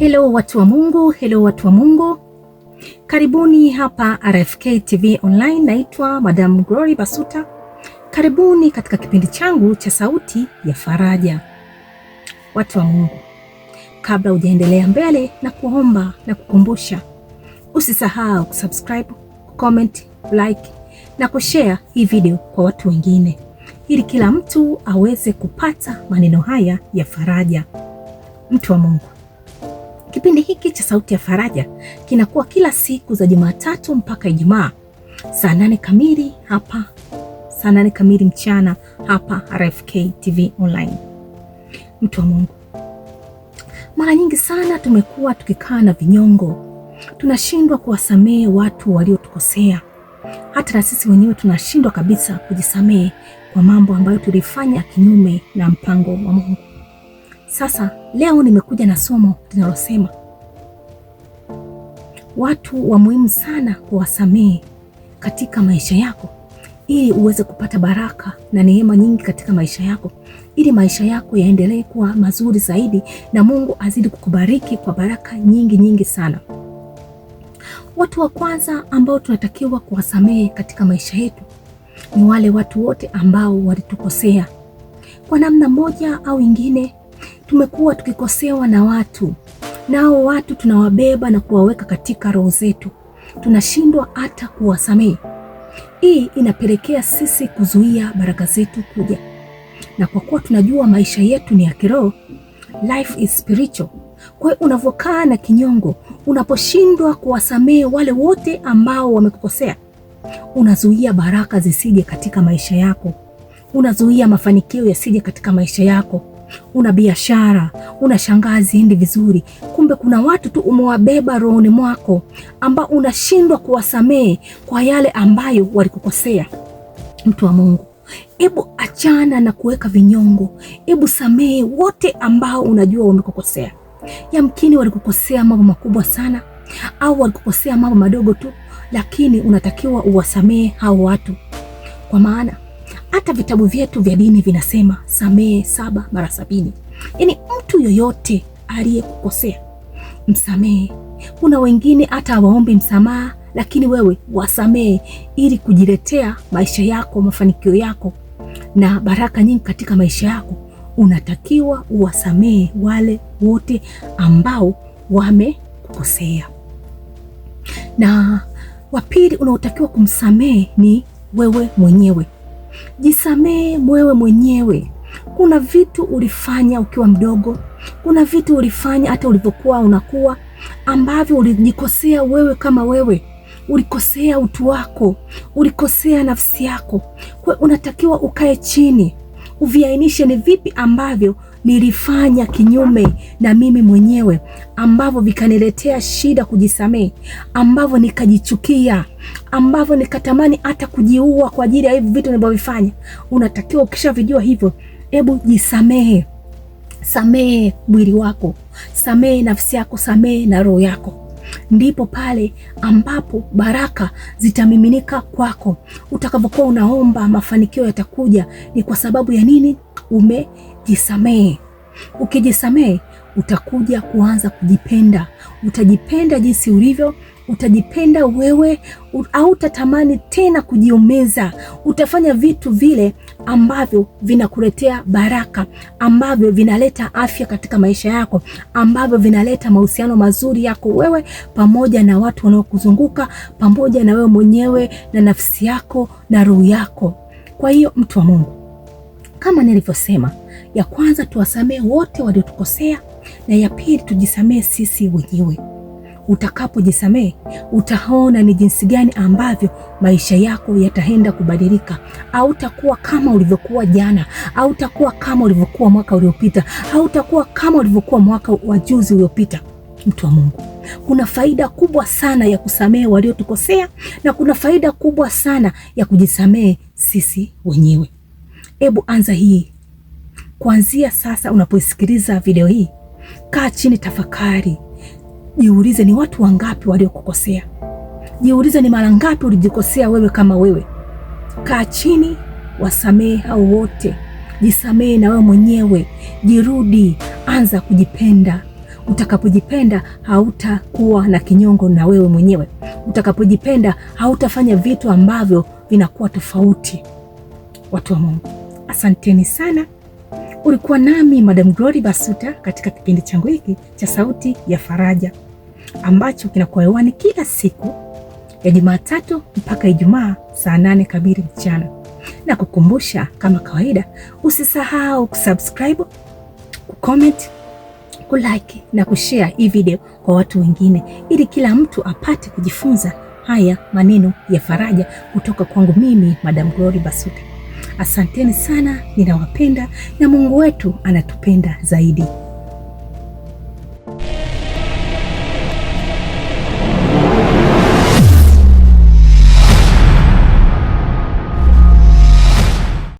Hello watu wa Mungu, hello watu wa Mungu, karibuni hapa RFK TV Online. Naitwa Madam Glory Basuta, karibuni katika kipindi changu cha Sauti ya Faraja. Watu wa Mungu, kabla hujaendelea mbele, na kuomba na kukumbusha usisahau kusubscribe, comment, like na kushare hii video kwa watu wengine, ili kila mtu aweze kupata maneno haya ya faraja. Mtu wa Mungu, Kipindi hiki cha Sauti ya Faraja kinakuwa kila siku za Jumatatu mpaka Ijumaa saa nane kamili hapa, saa nane kamili mchana hapa RFK TV Online. Mtu wa Mungu, mara nyingi sana tumekuwa tukikaa na vinyongo, tunashindwa kuwasamehe watu waliotukosea. Hata na sisi wenyewe tunashindwa kabisa kujisamehe kwa mambo ambayo tulifanya kinyume na mpango wa Mungu. Sasa leo nimekuja na somo linalosema watu wa muhimu sana kuwasamehe katika maisha yako ili uweze kupata baraka na neema nyingi katika maisha yako, ili maisha yako yaendelee kuwa mazuri zaidi na Mungu azidi kukubariki kwa baraka nyingi nyingi sana. Watu wa kwanza ambao tunatakiwa kuwasamehe katika maisha yetu ni wale watu wote ambao walitukosea kwa namna moja au ingine, tumekuwa tukikosewa na watu, nao watu tunawabeba na kuwaweka katika roho zetu, tunashindwa hata kuwasamehe. Hii inapelekea sisi kuzuia baraka zetu kuja, na kwa kuwa tunajua maisha yetu ni ya kiroho, life is spiritual. Kwa hiyo unavyokaa na kinyongo, unaposhindwa kuwasamehe wale wote ambao wamekukosea, unazuia baraka zisije katika maisha yako, unazuia mafanikio yasije katika maisha yako, una biashara, una shangazi endi vizuri, kumbe kuna watu tu umewabeba rohoni mwako ambao unashindwa kuwasamehe kwa yale ambayo walikukosea. Mtu wa Mungu, hebu achana na kuweka vinyongo, hebu samehe wote ambao unajua wamekukosea. Yamkini walikukosea mambo makubwa sana, au walikukosea mambo madogo tu, lakini unatakiwa uwasamehe hao watu, kwa maana hata vitabu vyetu vya dini vinasema samehe saba mara sabini. Yaani mtu yoyote aliyekukosea msamehe. Kuna wengine hata hawaombi msamaha, lakini wewe wasamehe ili kujiletea maisha yako, mafanikio yako na baraka nyingi katika maisha yako. Unatakiwa uwasamehe wale wote ambao wamekukosea. Na wa pili unaotakiwa kumsamehe ni wewe mwenyewe jisamee wewe mwenyewe. Kuna vitu ulifanya ukiwa mdogo, kuna vitu ulifanya hata ulivyokuwa unakuwa, ambavyo ulijikosea wewe kama wewe ulikosea utu wako, ulikosea nafsi yako. Kwa unatakiwa ukae chini, uviainishe ni vipi ambavyo nilifanya kinyume na mimi mwenyewe, ambavyo vikaniletea shida kujisamehe, ambavyo nikajichukia, ambavyo nikatamani hata kujiua kwa ajili ya hivi vitu nilivyovifanya. Unatakiwa ukishavijua hivyo, hebu jisamehe. Samehe mwili wako, samehe nafsi yako, samehe na roho yako ndipo pale ambapo baraka zitamiminika kwako. Utakavyokuwa unaomba mafanikio yatakuja. Ni kwa sababu ya nini? Ume jisamehe. Ukijisamehe utakuja kuanza kujipenda, utajipenda jinsi ulivyo, utajipenda wewe, au utatamani tena kujiumiza Utafanya vitu vile ambavyo vinakuletea baraka, ambavyo vinaleta afya katika maisha yako, ambavyo vinaleta mahusiano mazuri yako wewe pamoja na watu wanaokuzunguka, pamoja na wewe mwenyewe na nafsi yako na roho yako. Kwa hiyo mtu wa Mungu kama nilivyosema, ya kwanza tuwasamehe wote waliotukosea, na ya pili tujisamehe sisi wenyewe. Utakapojisamehe utaona ni jinsi gani ambavyo maisha yako yataenda kubadilika. Hautakuwa kama ulivyokuwa jana, hautakuwa kama ulivyokuwa mwaka uliopita, hautakuwa kama ulivyokuwa mwaka wa juzi uliopita. Mtu wa Mungu, kuna faida kubwa sana ya kusamehe waliotukosea na kuna faida kubwa sana ya kujisamehe sisi wenyewe. Hebu anza hii kuanzia sasa. Unapoisikiliza video hii, kaa chini, tafakari, jiulize, ni watu wangapi waliokukosea? Jiulize, ni mara ngapi ulijikosea wewe kama wewe? Kaa chini, wasamehe hao wote, jisamehe na wewe mwenyewe, jirudi, anza kujipenda. Utakapojipenda hautakuwa na kinyongo na wewe mwenyewe. Utakapojipenda hautafanya vitu ambavyo vinakuwa tofauti. Watu wa Mungu. Asanteni sana. Ulikuwa nami Madam Glory Basuta katika kipindi changu hiki cha Sauti ya Faraja ambacho kinakuwa hewani kila siku ya Jumatatu mpaka Ijumaa saa nane kamili mchana, na kukumbusha kama kawaida, usisahau kusubscribe, kucomment, kulike na kushare hii video kwa watu wengine, ili kila mtu apate kujifunza haya maneno ya faraja kutoka kwangu mimi Madam Glory Basuta. Asanteni sana, ninawapenda na Mungu wetu anatupenda zaidi.